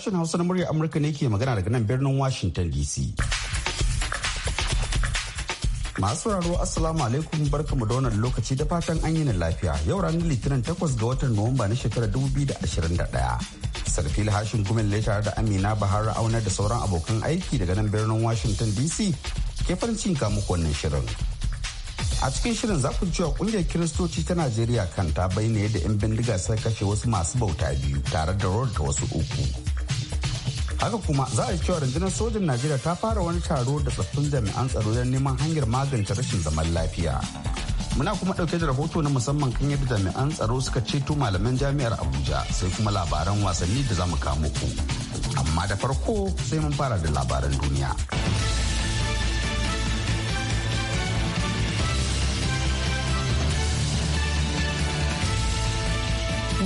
Sashen Hausa na muryar Amurka ne ke magana daga nan birnin Washington DC. Masu raro Assalamu alaikum barkamu da wannan lokaci da fatan an yi lafiya. Yau ranar Litinin takwas ga watan Nuwamba na shekarar 2021. Sarfil Hashin gumin tare da Amina Bahar Auna da sauran abokan aiki daga nan birnin Washington DC ke farin cikin kamu wannan shirin. A cikin shirin za ku cewa kungiyar Kiristoci ta Najeriya kanta bayyana yadda 'yan bindiga sai kashe wasu masu bauta biyu tare da rawar ta wasu uku. haka kuma za a yi cewa rundunar sojin najeriya ta fara wani taro da tsaffin jami'an tsaro don neman hanyar magance rashin zaman lafiya muna kuma dauke da rahoto na musamman kan yadda jami'an tsaro suka ceto malaman jami'ar abuja sai kuma labaran wasanni da za mu kamo ku amma da farko sai mun fara da labaran duniya.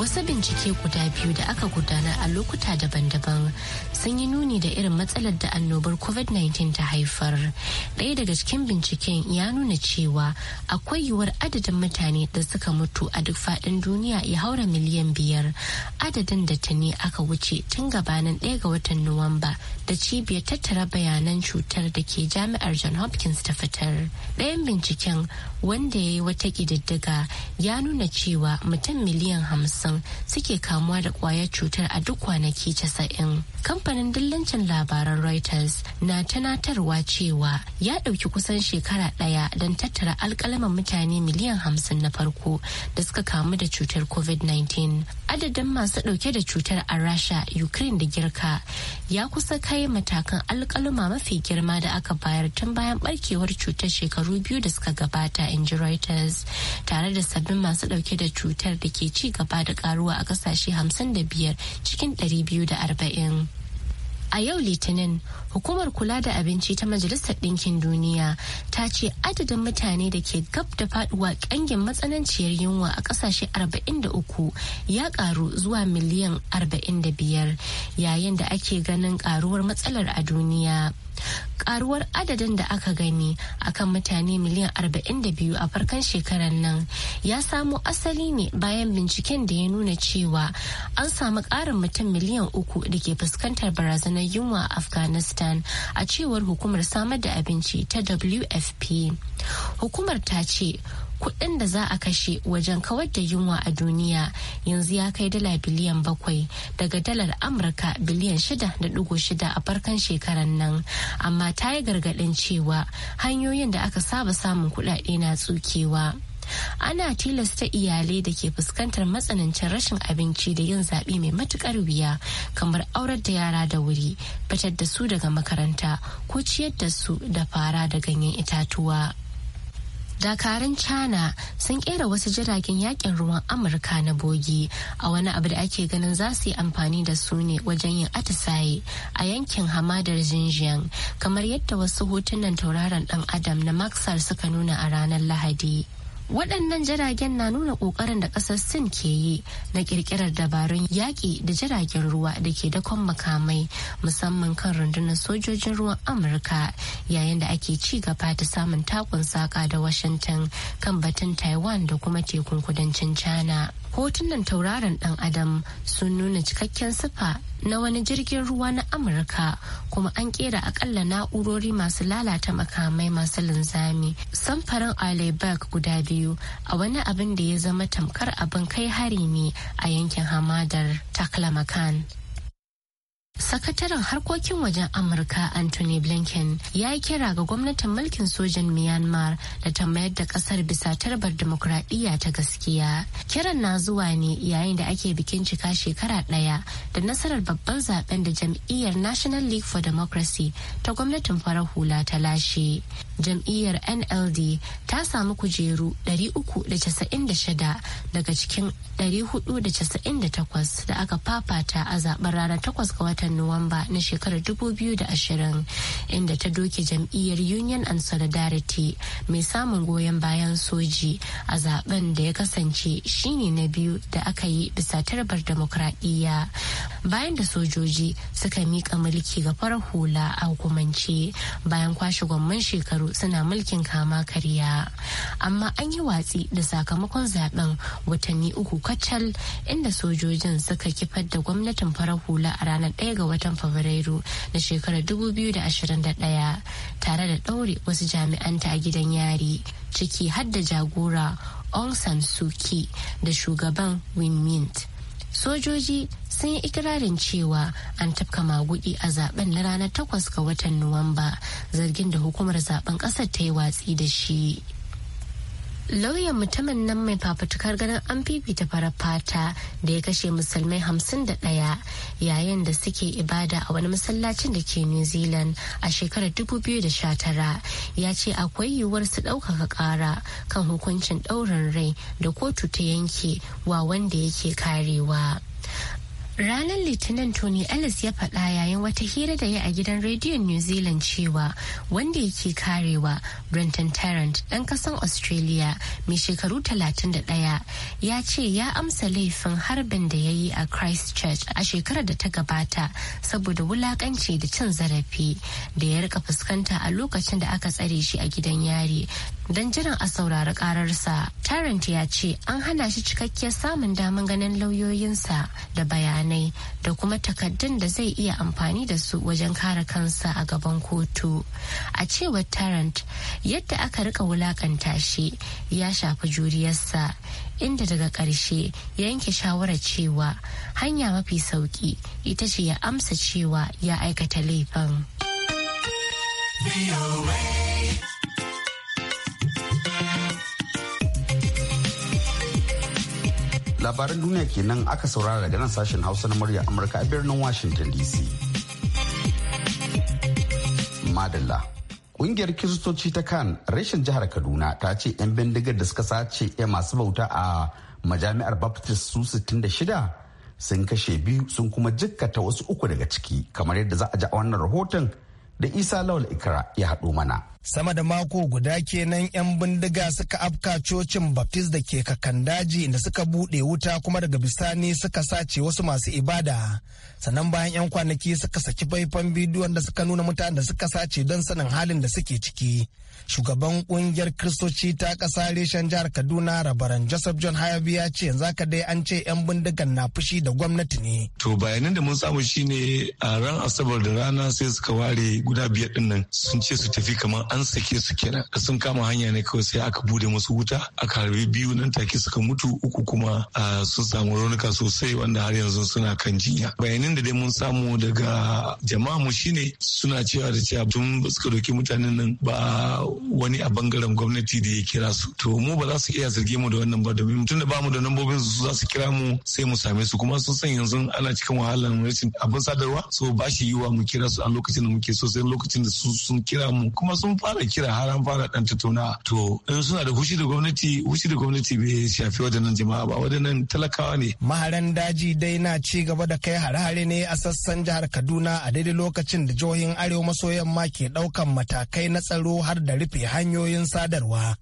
wasu bincike guda biyu da aka gudanar a lokuta daban-daban sun yi nuni da irin matsalar da annobar covid-19 ta haifar ɗaya daga cikin binciken ya nuna cewa akwai yiwuwar adadin mutane da suka mutu a duk faɗin duniya ya haura miliyan biyar adadin da ta ne aka wuce tun gabanin ɗaya ga watan nuwamba da cibiyar tattara bayanan cutar da ke jami'ar john hopkins ta fitar ɗayan binciken wanda ya yi wata ƙididdiga ya nuna cewa mutum miliyan hamsin suke kamuwa da kwayar cutar a duk kwanaki casa'in. Kamfanin dillancin labaran Reuters na tunatarwa cewa ya ɗauki kusan shekara ɗaya don tattara alkalaman mutane miliyan hamsin na farko da suka kamu da cutar COVID-19. Adadin masu ɗauke da cutar a Rasha, Ukraine da Girka ya kusa kai matakan alkalama mafi girma da aka bayar tun bayan barkewar cutar shekaru biyu da suka gabata inji ji Reuters tare da sabbin masu ɗauke da cutar da ke ci gaba da karuwa a kasashe 55 cikin 240. A yau Litinin, hukumar kula da abinci ta Majalisar Ɗinkin Duniya ta ce adadin mutane da ke gab da faduwa ƙangin matsananciyar yunwa a ƙasashe 43 ya ƙaru zuwa miliyan 45 yayin da ake ganin ƙaruwar matsalar a duniya. Ƙaruwar adadin da aka gani akan mutane miliyan 42 a farkon shekarar nan ya samo asali ne bayan binciken da ya nuna cewa an samu ƙarin mutum miliyan uku da ke fuskantar barazanar na yunwa a afghanistan a cewar hukumar samar da abinci ta wfp hukumar ta ce kuɗin da za a kashe wajen kawar da yunwa a duniya yanzu ya kai dala biliyan bakwai daga dalar amurka biliyan shida da dugu shida a farkon shekaran nan amma ta yi gargaɗin cewa hanyoyin da aka saba samun kudade na tsukewa. ana tilasta iyalai da ke fuskantar matsanancin rashin abinci da yin zaɓi mai matuƙar wuya kamar aurar da yara da wuri fitar da su daga makaranta ko ciyar da su da fara da ganyen itatuwa dakarun china sun kera wasu jiragen yakin ruwan amurka na bogi a wani abu da ake ganin za su yi amfani da su ne wajen yin atisaye a yankin hamadar jinjiyan kamar yadda wasu hotunan tauraron dan adam na maxar suka nuna a ranar lahadi waɗannan jiragen na nuna ƙoƙarin da ƙasar sin ke yi na ƙirƙirar dabarun yaƙi da jiragen ruwa da ke dakon makamai musamman kan rundunar sojojin ruwan amurka yayin da ake ci gaba da samun takun saƙa da washington kan batun taiwan da kuma tekun kudancin china hotunan tauraron dan adam sun nuna cikakken sifa na wani jirgin ruwa na amurka kuma an kera akalla na'urori masu lalata makamai masu linzami samfarin alebak guda biyu biyu a wani abin da ya zama tamkar abin kai hari ne a yankin hamadar taklamakan Sakataren harkokin wajen Amurka Anthony Blinken ya yi kira ga gwamnatin mulkin sojan Myanmar da ta mayar da kasar bisa tarbar demokuraɗiyya ta gaskiya. Kiran na zuwa ne yayin da ake bikin cika shekara ɗaya da nasarar babban zaben da jam'iyyar National League for Democracy ta gwamnatin farar hula ta lashe. jam'iyyar nld ta samu kujeru 396 daga cikin 498 da aka fafata a zaɓen ranar 8 ga watan nuwamba na shekarar 2020 inda ta doke jam'iyyar union and solidarity mai samun goyon bayan soji a zaben da ya kasance shine na biyu da aka yi bisa tarbar demokradiyya bayan da sojoji suka mika mulki ga farar hula a hukumance bayan kwashe gwamman shekaru Umaru suna mulkin kama karya. Amma an yi watsi da sakamakon zaben watanni uku kacal inda sojojin suka kifar da gwamnatin farar hula a ranar 1 ga watan Fabrairu na shekarar 2021 tare da ɗaure wasu jami'anta a gidan yari ciki har jagora Aung San Suu Kyi da shugaban Win Mint. Sojoji sun yi ikirarin cewa an tafka magudi a zaben na ranar takwas ga watan nuwamba zargin da hukumar zaben kasar ta yi watsi da shi lauyan mutumin nan mai fafutukar ganin an fifita farar fata da ya kashe musulmai hamsin da ɗaya yayin da suke ibada a wani masallacin da ke new zealand a shekarar da sha tara ya ce akwai yiwuwar su ɗaukaka ƙara kan hukuncin ɗaurin rai da kotu ta yanke wa wanda yake karewa. Ranar Litinin Tony Ellis ya faɗa yayin wata hira da ya a gidan rediyon New Zealand cewa wanda yake karewa Brenton Tarrant ɗan ƙasan Australia mai shekaru 31 ya ce ya amsa laifin harbin da ya yi a Christchurch a shekarar da ta gabata saboda wulakanci da cin zarafi da ya rika fuskanta a lokacin da aka tsare shi a gidan yari don jiran a saurari kararsa. Tarrant ya ce an hana shi cikakkiyar samun damar ganin lauyoyinsa da bayanai da kuma takaddun da zai iya amfani da su wajen kare kansa a gaban kotu. A cewar Tarrant, yadda aka rika wulakanta shi ya shafi juriyarsa inda daga ƙarshe ya yanke shawarar cewa hanya mafi sauki ita ce ya amsa cewa ya aikata laifin. labaran duniya kenan aka saurara daga nan sashen hausa na murya amurka a birnin washington dc madalla ƙungiyar kiristoci ta kan rashin jihar kaduna ta ce 'yan bindigar da suka sace 'yan masu bauta a majami'ar baptist su 66 sun kashe biyu sun kuma jikkata wasu uku daga ciki kamar yadda za a ji a wannan rahoton da isa lawal ikra ya haɗo mana sama da mako guda kenan 'yan bindiga suka afka cocin baptist da ke kakan daji da suka buɗe wuta kuma daga bisani suka sace wasu masu ibada sannan bayan 'yan kwanaki suka saki faifan bidiyon da suka nuna mutanen da suka sace don sanin halin da suke ciki shugaban kungiyar kristoci ta ƙasa reshen jihar kaduna rabaran joseph john hayabi ya ce yanzu aka dai an ce 'yan bindigan na fushi da gwamnati ne to bayanan da mun samu shine a ran asabar da rana sai suka ware guda biyar dinnan sun ce su tafi kamar an sake su kira da sun kama hanya ne kawai sai aka bude musu wuta aka harbi biyu nan take suka mutu uku kuma sun samu raunuka sosai wanda har yanzu suna kan jinya bayanin da dai mun samu daga jama'a mu shine suna cewa da cewa tun suka doki mutanen nan ba wani a bangaren gwamnati da ya kira su to mu ba za su iya zarge mu da wannan ba domin tun da bamu da nambobin su za su kira mu sai mu same su kuma sun san yanzu ana cikin wahalar rashin abin sadarwa so ba shi yiwa mu kira su a lokacin da muke so sai lokacin da su sun kira mu kuma sun fara kira har an fara dan tattauna to in suna da hushi da gwamnati hushi da gwamnati bai shafi wadannan jama'a ba wadannan talakawa ne. Maharan daji dai na ci gaba da kai hare-hare ne a sassan jihar Kaduna a daidai lokacin da jihohin Arewa maso yamma ke daukan matakai na tsaro har da rufe hanyoyin sadarwa.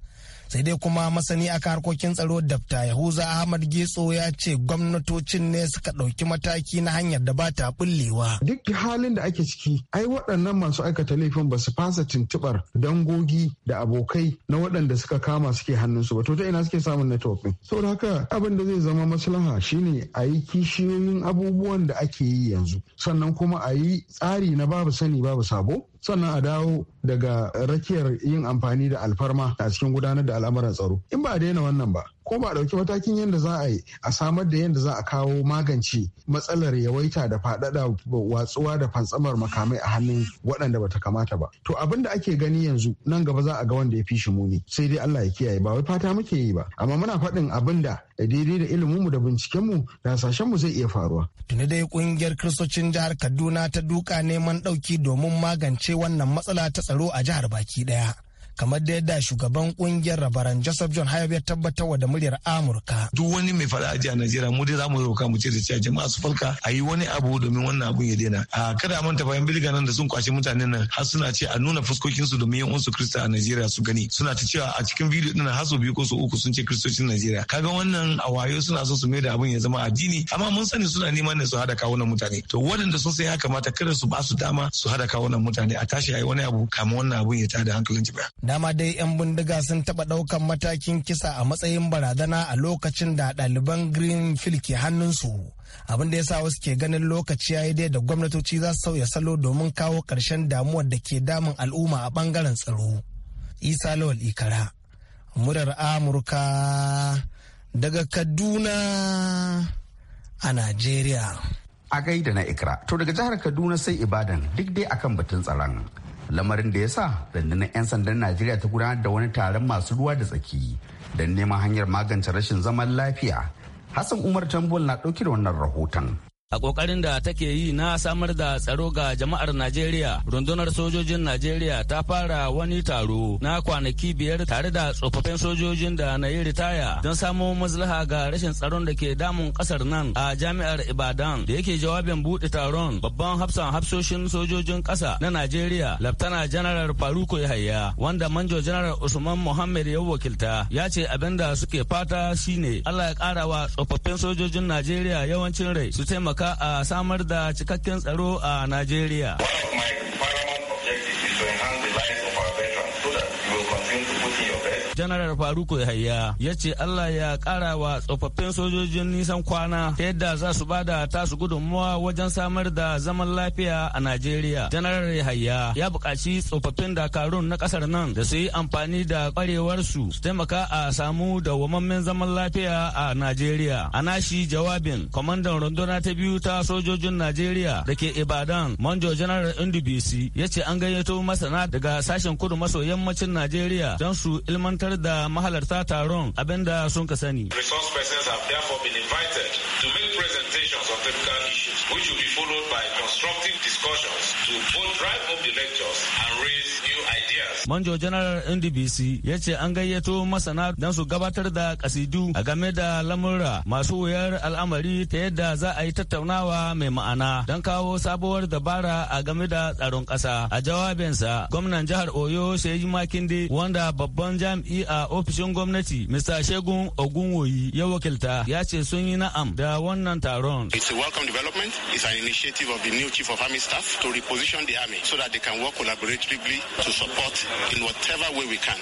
sai dai kuma masani aka harkokin tsaro dafta yahuza ahmad getso ya ce gwamnatocin ne suka ɗauki mataki na hanyar da ba ta bullewa duk halin da ake ciki ai waɗannan masu aikata laifin ba su fasa tuntuɓar dangogi da abokai na waɗanda suka kama suke hannunsu ba to ta ina suke samun network ɗin saboda haka abin da zai zama maslaha shine a yi kishiyoyin abubuwan da ake yi yanzu sannan kuma a yi tsari na babu sani babu sabo sannan a dawo daga rakiyar yin amfani da alfarma a cikin gudanar da al'amuran tsaro in ba a daina wannan ba ko ba a ɗauki matakin yadda za a yi a samar da yadda za a kawo magance matsalar yawaita da faɗaɗa watsuwa da fantsamar makamai a hannun waɗanda bata kamata ba to abin da ake gani yanzu nan gaba za a ga wanda ya fi shi muni sai dai Allah ya kiyaye ba wai fata muke yi ba amma muna faɗin abin da daidai da ilimin mu da binciken mu da mu zai iya faruwa. Tuni dai kungiyar kiristocin jihar Kaduna ta duka neman ɗauki domin magance wannan matsala ta tsaro a jihar baki ɗaya. kamar da yadda shugaban kungiyar rabaran joseph john hayab ya wa da muryar amurka duk wani mai faɗa aji a najeriya mu dai zamu roka mu ce da cewa jama'a su falka a yi wani abu domin wannan abun ya daina a kada a manta bayan bilga da sun kwashe mutanen nan har suna ce a nuna fuskokin su domin yan kristo a najeriya su gani suna ta cewa a cikin bidiyo din har su biyu ko su uku sun ce kristocin najeriya kaga wannan a wayo suna so su mai da abun ya zama addini amma mun sani suna neman ne su hada kawunan mutane to wadanda sun san ya kamata kada su ba su dama su hada kawunan mutane a tashi a wani abu kamar wannan abun ya tada hankalin jama'a Dama dai 'yan bindiga sun taɓa ɗaukan matakin kisa a matsayin barazana a lokacin da ɗaliban Greenfield ke hannunsu. Abin da ya sa wasu ke ganin lokaci ya yi dai da gwamnatoci za su sauya salo domin kawo ƙarshen damuwar da ke damun al'umma a bangaren tsaro. Isa Lawal Ikara, murar Amurka daga Kaduna a nigeria. A gaida na Ikra, to daga jihar Kaduna sai Ibadan duk dai akan batun tsaron. lamarin da ya sa rundunar 'yan sandan najeriya ta gudanar da wani taron masu ruwa da tsaki don neman hanyar magance rashin zaman lafiya hassan umar tambol na dauki da wannan rahoton a kokarin da take yi na samar da tsaro ga jama'ar najeriya rundunar sojojin najeriya ta fara wani taro na kwanaki biyar tare da tsofaffin sojojin da na yi ritaya don samo maslaha ga rashin tsaron da ke damun kasar nan a jami'ar ibadan da yake jawabin buɗe taron babban hafsan hafsoshin sojojin ƙasa na najeriya laftana janaral faruko yahaya wanda manjo janaral usman muhammad ya wakilta ya ce abin da suke fata shine allah ya ƙara wa tsofaffin sojojin najeriya yawancin rai su taimaka taimaka a samar da cikakken tsaro a Najeriya. Janaral Faruku Yahaya ya ce Allah ya kara wa tsofaffin sojojin nisan kwana ta yadda za su bada tasu gudunmuwa wajen samar da zaman lafiya a Najeriya. Janaral Yahaya ya buƙaci tsofaffin dakarun na ƙasar nan da su yi amfani da ƙwarewarsu su taimaka a samu dawwamammen zaman lafiya a Najeriya. A nashi jawabin, kwamandan runduna ta biyu ta sojojin Najeriya da ke Ibadan, Manjo Janaral ndbc ya ce an gayyato masana daga sashen kudu maso yammacin Najeriya don su ilmanta fitar da mahalarta taron Resource persons have therefore been invited to make presentations on technical issues, which will be followed by constructive discussions to both drive home the lectures and raise Manjo Janar NDBC ya ce an gayyato masana don su gabatar da kasidu a game da lamura masu wuyar al'amari ta yadda za a yi tattaunawa mai ma'ana don kawo sabuwar dabara a game da tsaron kasa A jawabinsa, gwamnan jihar Oyo Seyi Makinde wanda babban jami'i a ofishin gwamnati Mr. Shegun Ogunwoyi ya wakilta ya ce sun yi na'am da wannan taron. It's a welcome development. It's an initiative of the new chief of army staff to reposition the army so that they can work collaboratively to support in whatever way we can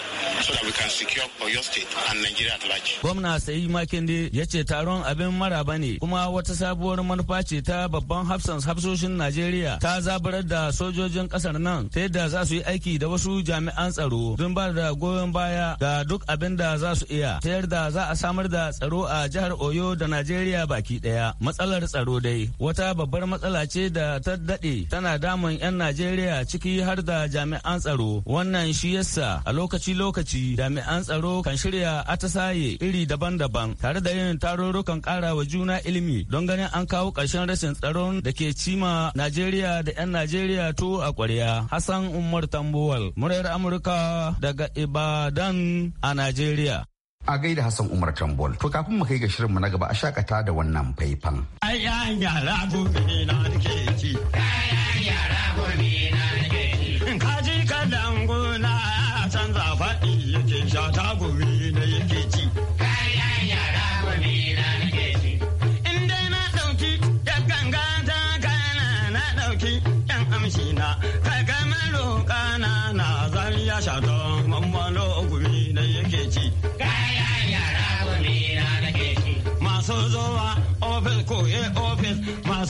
so that we can secure Oyo State and Nigeria at large. Gwamna Sayi Makinde ya ce taron abin maraba ne kuma wata sabuwar manufa ce ta babban hafsan hafsoshin Najeriya ta zabarar da sojojin kasar nan ta yadda za su yi aiki da wasu jami'an tsaro don ba da goyon baya ga duk abin da za su iya ta yadda za a samar da tsaro a jihar Oyo da Najeriya baki daya. Matsalar tsaro dai wata babbar matsala ce da ta daɗe tana damun 'yan Najeriya ciki har da jami'an tsaro wannan Wannan shi yasa a lokaci-lokaci jami'an tsaro kan shirya atasaye iri daban-daban tare da yin tarurrukan kara wa juna ilimi don ganin an kawo karshen rashin tsaron da ke cima Najeriya da 'yan Najeriya to a ƙwarya. Hassan Umar tambowal murayar Amurka daga Ibadan a Najeriya. a gaida Hassan Umar Tambol. To kafin mu kai ga mu na gaba a shakata da wannan faifan. Ai yara gobe na ke ci. Ai yara gobe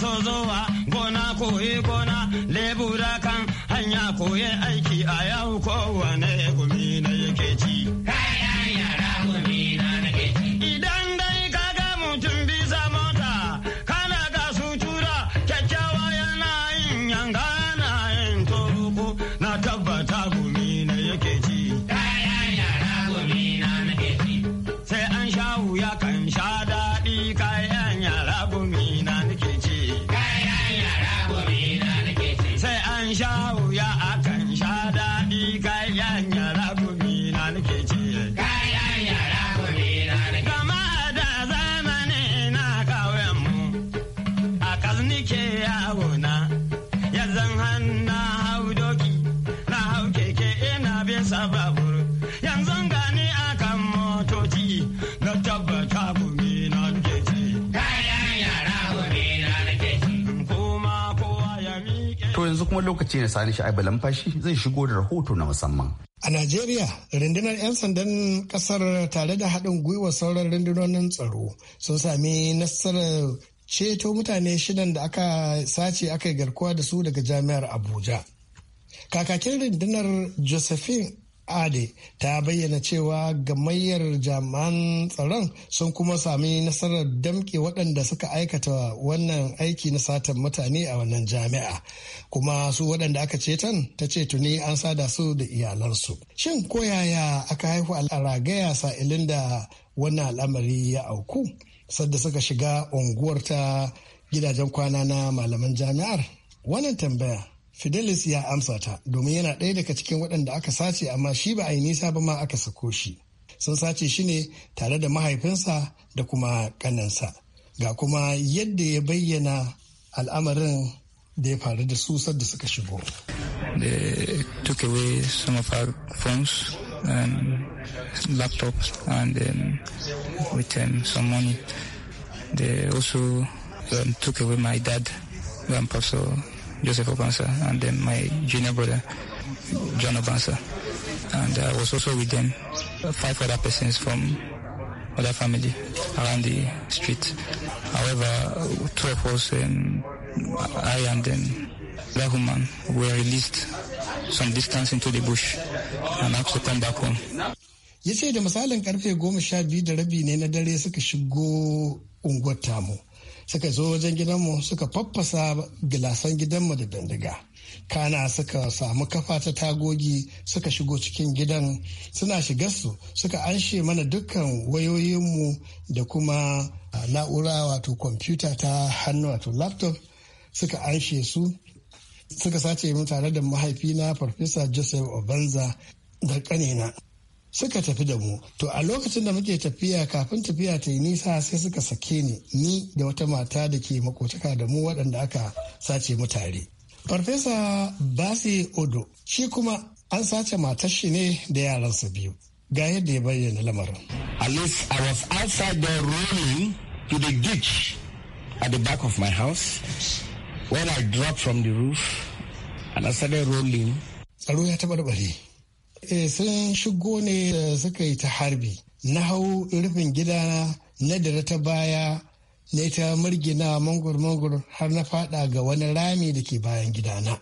so zowa gona koye gona lebura kan hanya koye aiki a yau kowane gumi lokaci ne sani aibalan fashi zai shigo da rahoto na musamman. A Najeriya, rundunar 'yan sandan kasar tare da haɗin gwiwa sauran rundunonin tsaro sun sami nasarar ceto mutane shidan da aka sace aka yi garkuwa da su daga jami'ar Abuja. Kakakin rundunar Josephine ade ta bayyana cewa gamayyar jami'an tsaron sun kuma sami nasarar damke waɗanda suka aikata wannan aiki na satan mutane a wannan jami'a kuma su waɗanda aka ceton ta ce tuni an sada su da iyalansu shin koyaya aka haihu a ragaya sa'ilin da wannan al'amari ya auku sadda suka shiga unguwar ta gidajen kwana na malaman jami'ar wannan tambaya Fidelis ya amsa ta domin yana ɗaya daga cikin waɗanda aka sace amma shi ba a yi nisa ba ma aka sako shi. Sun sace shi ne tare da mahaifinsa da kuma ƙanansa. Ga kuma yadda ya bayyana al'amarin da ya faru da su da suka shigo. They took away some of our phones and laptops and then with them some money. They also um, took away my dad, grandpa, so Joseph Obansa, and then my junior brother, John Obansa. And I was also with them, five other persons from other family around the street. However, 12 was um, I and then that woman were released some distance into the bush and have to come back home. Ya ce da misalin karfe goma sha biyu da rabi ne na dare suka shigo unguwar tamu. suka zo wajen gidanmu suka faffasa gilasan gidanmu da bindiga kana suka samu kafa ta tagogi suka shigo cikin gidan suna su suka anshe mana dukkan wayoyinmu da kuma na'ura wato kwamfuta ta hannu wato laptop suka anshe su suka sace mu tare da mahaifina farfesa joseph obanza da kanina suka tafi da mu to a lokacin da muke tafiya kafin tafiya ta yi nisa sai suka sake ni ni da wata mata da ke makotaka da mu waɗanda aka sace mu tare farfesa basi odo shi kuma an sace matar shi ne da yaransa biyu ga yadda ya bayyana lamarin Alice, I was outside there rolling to the ditch at the back of my house when I dropped from the roof and I started rolling. Tsaro ya taɓa eh sun shigo ne da eh, suka yi ta harbi na hau rufin gida na darata ta baya na ta murgina mangur-mangur har na fada ga wani rami da ke bayan gidana.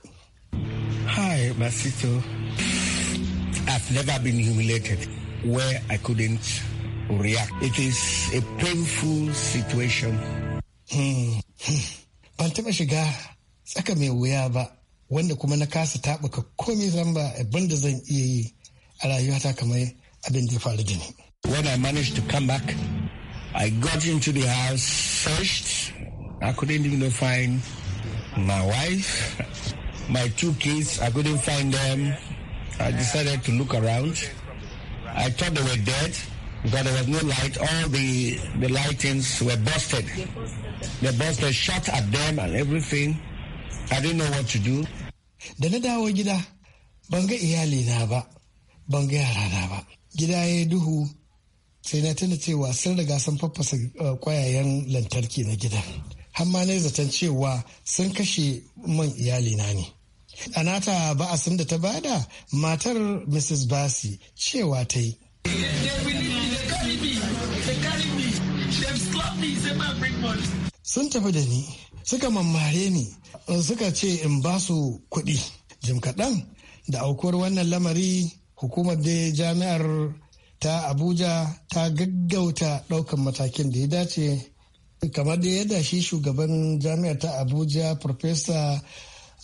Hi, Masito. I've never been humiliated where I couldn't react. It is a painful situation. Hmm, hmm. Ban taɓa shiga tsaka mai wuya ba, wanda kuma na kasa taɓuka komai zan ba abin da zan iya yi a rayuwata kamar abin da ya faru da ni. When I managed to come back, I got into the house, searched. I couldn't even find my wife, my two kids. I couldn't find them. I decided to look around. I thought they were dead But there was no light. All the, the lightings were busted. They busted, shot at them and everything. I don't know what to do. Da na dawo gida, ban ga iyalina ba, ban ga yarana ba. Gida ya duhu sai na tuna cewa sun riga sun faffasa eh, kwayayen lantarki na gidan. Hamma na zaton cewa sun kashe man iyalina ne. A nata ba'asin da ta bada matar Mrs. Basi cewa ta yi. They carry me, they carry me, they've slapped me, they might bring money. sun tafi da ni suka mammare ni suka ce in ba su kuɗi jim kaɗan da aukuwar wannan lamari hukumar da jami'ar ta abuja ta gaggauta ɗaukan matakin da ya dace kamar da yadda shi shugaban jami'ar ta abuja Profesa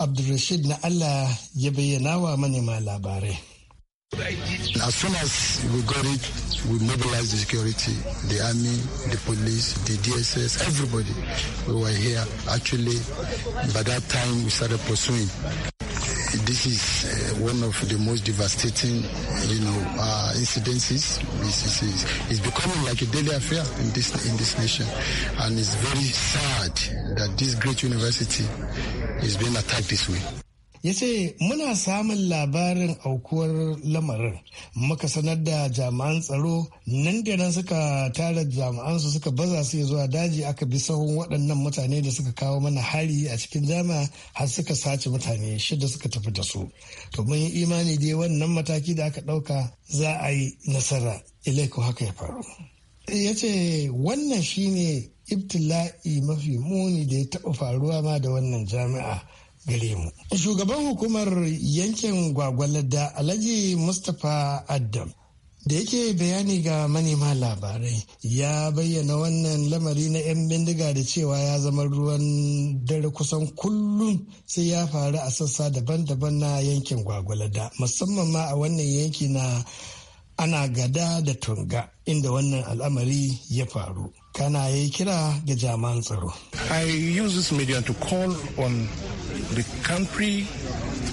abdulrashid na allah ya bayyana wa manema labarai As soon as we got it, we mobilized the security, the army, the police, the DSS, everybody. We were here. Actually, by that time, we started pursuing. This is uh, one of the most devastating, you know, uh, incidences. It's, it's, it's, becoming like a daily affair in this in this nation, and it's very sad that this great university is being attacked this way. ya ce muna samun labarin aukuwar lamarin muka sanar da jami'an tsaro nan da nan suka tara jami'an su suka baza su zuwa daji aka bi sahun waɗannan mutane da suka kawo mana hari a cikin jami'a har suka sace mutane shida suka tafi da su to mun yi imani dai wannan mataki da aka ɗauka za a yi nasara Ilaiku haka ya faru ya ce wannan shine ibtila'i mafi muni da ya taɓa faruwa ma da wannan jami'a gare mu. Shugaban hukumar yankin Gwagwalada Alhaji Mustapha Adam da yake bayani ga manema labarai ya bayyana wannan lamari na 'yan bindiga da cewa ya zama ruwan dare kusan kullum sai ya faru a sassa daban-daban na yankin Gwagwalada musamman ma a wannan yanki na ana gada da tunga inda wannan al'amari ya faru kana ya kira ga jaman tsaro. I use this medium to call on the country,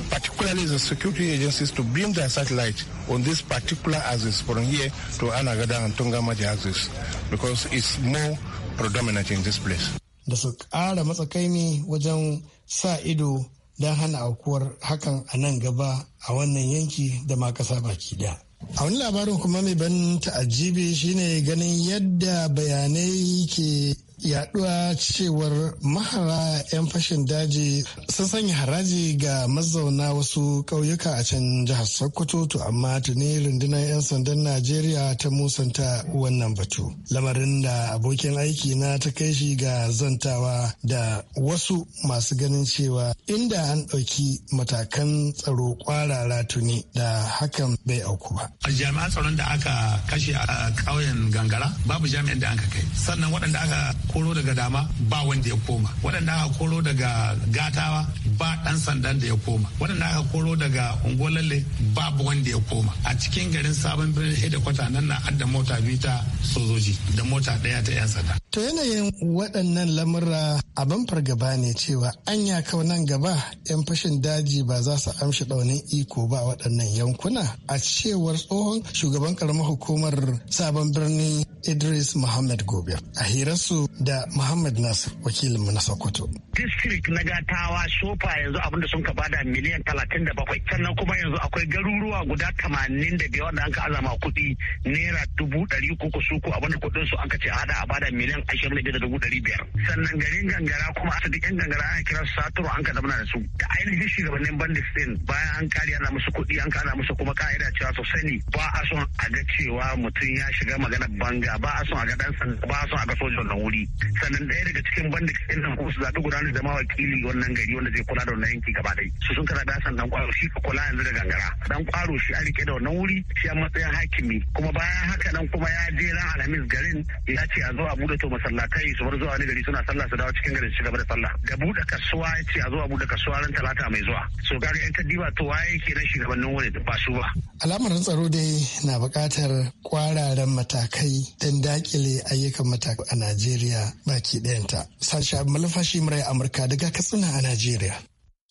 particularly the security agencies, to beam their satellite on this particular axis from here to Anagada and Tungamaji axis because it's more predominant in this place. Da su ƙara matsakaimi wajen sa ido don hana aukuwar hakan a nan gaba a wannan yanki da ma ƙasa baki daya. A wani labarin kuma mai ban ta'ajibi shine ganin yadda bayanai ke yaduwa cewar mahara 'yan fashin daji sun sanya haraji ga mazauna wasu ƙauyuka a can jihar sokoto to amma tuni rundunar 'yan sandan najeriya ta musanta wannan batu lamarin da abokin aiki na ta kai shi ga zantawa da wasu masu ganin cewa inda an ɗauki matakan tsaro kwarara tuni da hakan bai auku ba jami'an tsaron da aka kashe a ƙauyen gangara babu jami'an da aka kai sannan waɗanda aka koro daga dama ba wanda ya koma waɗanda aka koro daga gatawa ba ɗan sandan da ya koma na aka koro daga ungolalle babu wanda ya koma a cikin garin sabon birnin hedikwata nan na adda mota ta sojoji da mota ɗaya ta yan sanda. to yanayin waɗannan lamura abin fargaba ne cewa anya kawai nan gaba yan fashin daji ba za su amshi ɗaunin iko ba waɗannan yankuna a cewar tsohon shugaban karamar hukumar sabon birni idris muhammad gobe a hirarsu da muhammad nasir wakilinmu na sokoto district na gatawa sofa sa yanzu abinda sun ka bada miliyan talatin da bakwai sannan kuma yanzu akwai garuruwa guda tamanin da biyar wanda an ka azama kuɗi naira dubu ɗari uku su ko abinda kuɗin su an ka ce a hada a bada miliyan ashirin da da dubu ɗari biyar sannan garin gangara kuma asibiti yan gangara ana kira su saturu an ka zamana da su da ainihin shugabannin bandit din bayan an kare ana musu kuɗi an ana musu kuma ka'ida cewa su sani ba a son a ga cewa mutum ya shiga magana banga ba a son a ga dan sanda ba a son a ga sojan na wuri sannan ɗaya daga cikin bandit din nan kuma su zaɓi gudanar da mawakili wannan gari wanda zai kula kula da wannan yanki gaba ɗaya su sun kada dasan dan kwaro shi ka kula yanzu da gangara dan kwaro shi an rike da wannan wuri shi a matsayin hakimi kuma bayan haka nan kuma ya je ran alhamis garin ya ce a zo a buɗe to masallatai su bar zuwa wani gari suna sallah su dawo cikin garin su gaba da sallah da buɗe kasuwa ya ce a zo a buɗe kasuwa ran talata mai zuwa so ga yan kadiba to waye kenan shugabannin wani ba su ba al'amarin tsaro dai na buƙatar kwararan matakai don dakile ayyukan matakai a Najeriya baki ɗayanta. Sashi Malafashi Murai Amurka daga Katsina a Najeriya.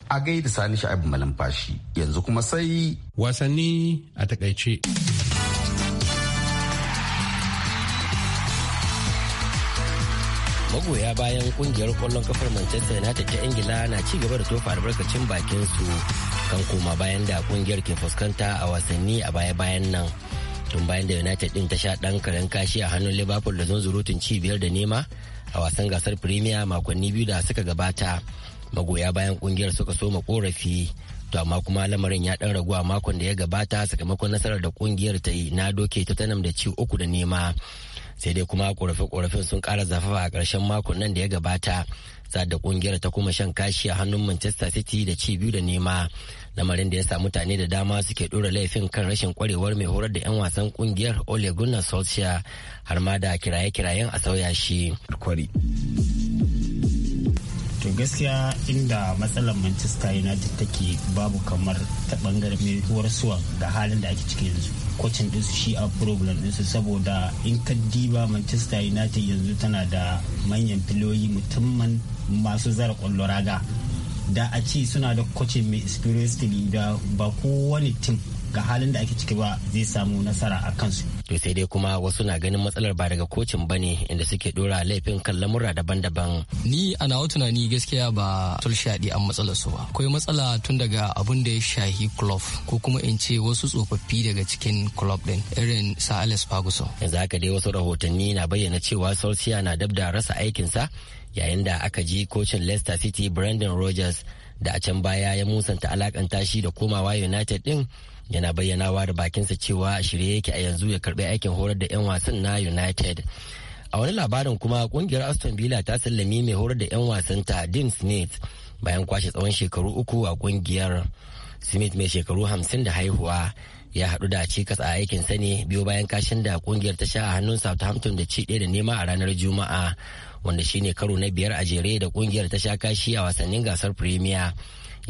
A gaida Sani Sha'ibu malamfashi yanzu kuma sai wasanni a takaice. magoya bayan kungiyar kwallon kafar manchester united ta ingila na ci gaba da tofa albarkacin bakin su kan koma bayan da kungiyar ke fuskanta a wasanni a baya-bayan nan tun bayan da united din ta sha dan karen kashi a hannun liverpool da zunzurutun ci biyar da nema a wasan gasar premier makonni biyu da suka gabata magoya bayan kungiyar suka soma korafi to amma kuma lamarin ya dan ragu a makon da ya gabata sakamakon nasarar da kungiyar ta yi na doke ta tanam da ci uku da nema sai dai kuma korafe-korafen sun kara zafafa a karshen makon nan da ya gabata sa da kungiyar ta kuma shan kashi a hannun manchester city da ci biyu da nema lamarin da ya sa mutane da dama suke ɗora laifin kan rashin kwarewar mai horar da 'yan wasan kungiyar ole gunnar solskjaer har ma da kiraye-kirayen a sauya shi to gaskiya inda matsalar manchester united take babu kamar ta bangaren mai suwa da halin da ake ciki yanzu kocin su shi a problem ɗinsu saboda in ka diba manchester united yanzu tana da manyan filoyi mutumman masu zara kwallo raga da a ce suna da kocin mai experience da ba kowane tim ga halin da ake ciki ba zai samu nasara a kansu. To sai dai kuma wasu na ganin matsalar ba daga kocin ba ne inda suke dora laifin kan lamura daban-daban. Ni a nawa tunani gaskiya ba shaɗi an matsalar su ba. Akwai matsala tun daga abun da ya shahi club ko kuma in ce wasu tsofaffi daga cikin club din irin sa Alex Ferguson. Yanzu haka dai wasu rahotanni na bayyana cewa Solskjaer na dab da rasa aikinsa yayin da aka ji kocin Leicester City Brandon Rodgers da a can baya ya musanta alakanta shi da komawa United din yana bayyanawa da bakinsa cewa shirye yake a yanzu ya karbi aikin horar da 'yan wasan na united a wani labarin kuma kungiyar aston villa ta sallami mai horar da 'yan wasan ta dean smith bayan kwashe tsawon shekaru uku a kungiyar smith mai shekaru hamsin da haihuwa ya haɗu da cikas a aikin sa ne biyu bayan kashin da kungiyar ta sha a hannun southampton da ci daya da nema a ranar juma'a wanda shine karo na biyar a jere da kungiyar ta sha kashi a wasannin gasar premier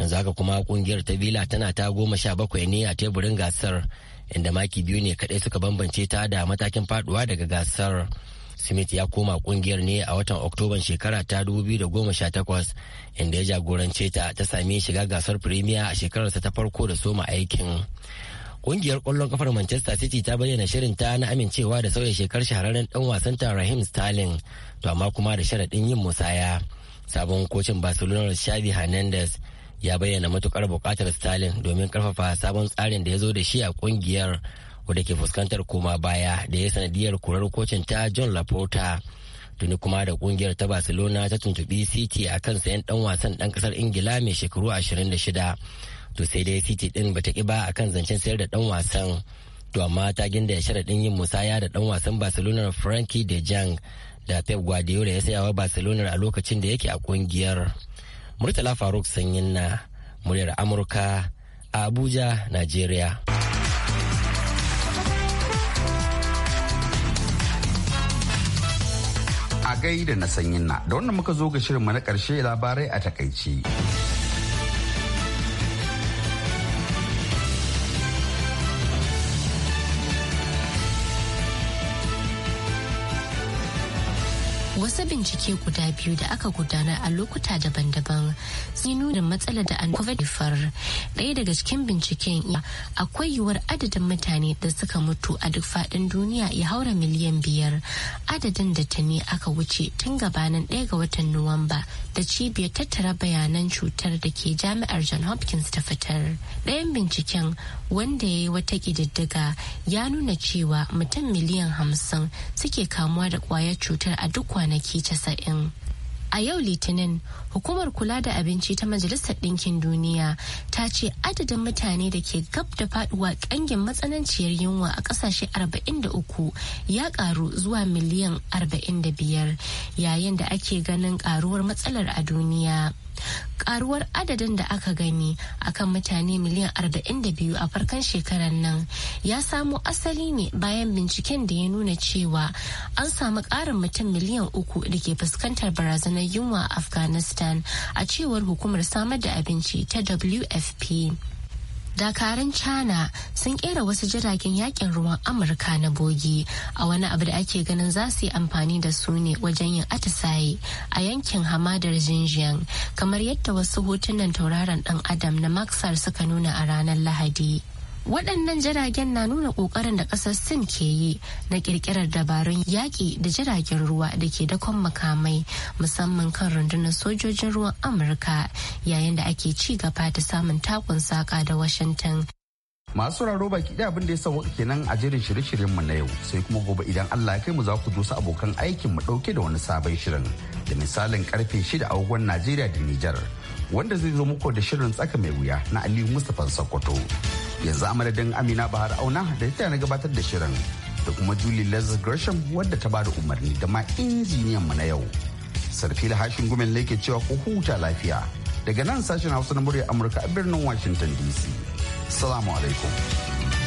yanzu haka kuma kungiyar ta vila tana ta goma sha bakwai ne a teburin gasar inda maki biyu ne kadai suka bambance ta da matakin faduwa daga gasar smith ya koma kungiyar ne a watan oktoban shekara ta 2018 inda ya jagorance ta ta sami shiga gasar premier a shekararsa ta farko da soma aikin kungiyar kwallon kafar manchester city ta bayyana shirin ta na amincewa da sauya shekar shahararren dan wasan ta rahim sterling to amma kuma da sharaɗin yin musaya sabon kocin barcelona xavi hernandez ya bayyana matukar bukatar stalin domin karfafa sabon tsarin da ya zo da shi a kungiyar wadda ke fuskantar koma baya da ya sanadiyar kurar kocin ta john laporta tuni kuma da kungiyar ta barcelona ta tuntubi city a kan sayan dan wasan dan kasar ingila mai shekaru 26 to sai dai city din bata ki ba kan zancen sayar da dan wasan to amma ta ginda ya sharaɗin yin musaya da dan wasan barcelona frankie de jong da pep guardiola ya sayawa barcelona a lokacin da yake a kungiyar. Murtala Faruk Sanyin na muryar Amurka a Abuja, Najeriya. A gaida na sanyin na, da wannan muka zo ga shirin na ƙarshe labarai a takaici. wasu bincike guda biyu da aka gudanar a lokuta daban-daban sun nuna matsalar da an kwafar ɗaya daga cikin binciken iya akwai yiwuwar adadin mutane da suka mutu a duk faɗin duniya ya haura miliyan biyar adadin da ta ne aka wuce tun gabanin ɗaya ga watan nuwamba da cibiyar tattara bayanan cutar da ke jami'ar john hopkins ta fitar ɗayan binciken wanda ya yi wata ƙididdiga ya nuna cewa mutum miliyan hamsin suke kamuwa da kwayar cutar a duk kwanaki I casa'in A yau Litinin, hukumar kula da abinci ta Majalisar Ɗinkin Duniya ta ce adadin mutane da ke gab da faduwa ƙangin matsananciyar yunwa a ƙasashe 43 ya ƙaru zuwa miliyan 45 yayin da ake ganin ƙaruwar matsalar a duniya. Ƙaruwar adadin da aka gani akan mutane miliyan 42 a farkon shekarar nan ya samo asali ne bayan binciken da ya nuna cewa an samu ƙarin mutum miliyan uku da ke fuskantar barazanar na yunwa a afghanistan a cewar hukumar samar da abinci ta wfp dakarun china sun kera wasu jiragen yakin ruwan amurka na bogi a wani abu da ake ganin za su yi amfani da su ne wajen yin atisaye a yankin hamadar jinjiyan kamar yadda wasu hotunan tauraron dan adam na maxar suka nuna a ranar lahadi waɗannan jiragen na nuna ƙoƙarin da ƙasar sin ke yi na ƙirƙirar dabarun yaƙi da jiragen ruwa da ke dakon makamai musamman kan rundunar sojojin ruwan amurka yayin da ake ci gaba da samun takun saƙa da washington masu raro baki ɗaya abin da ya sauwa kenan a jerin shirye-shiryen mu na yau sai kuma gobe idan Allah ya kai mu za ku dosa abokan aikin mu ɗauke da wani sabon shirin da misalin karfe shida a agogon Najeriya da Nijar wanda zai zo muku da shirin tsaka mai wuya na Aliyu Mustapha Sokoto yanzu amadadin amina bahar auna da ta na gabatar da shirin da kuma julie les gresham wadda ta bada umarni da ma injiniyan mu na yau sarfila hashin gumin lake cewa ku huta lafiya daga nan sashen hausa na murya amurka a birnin washington dc salamu alaikum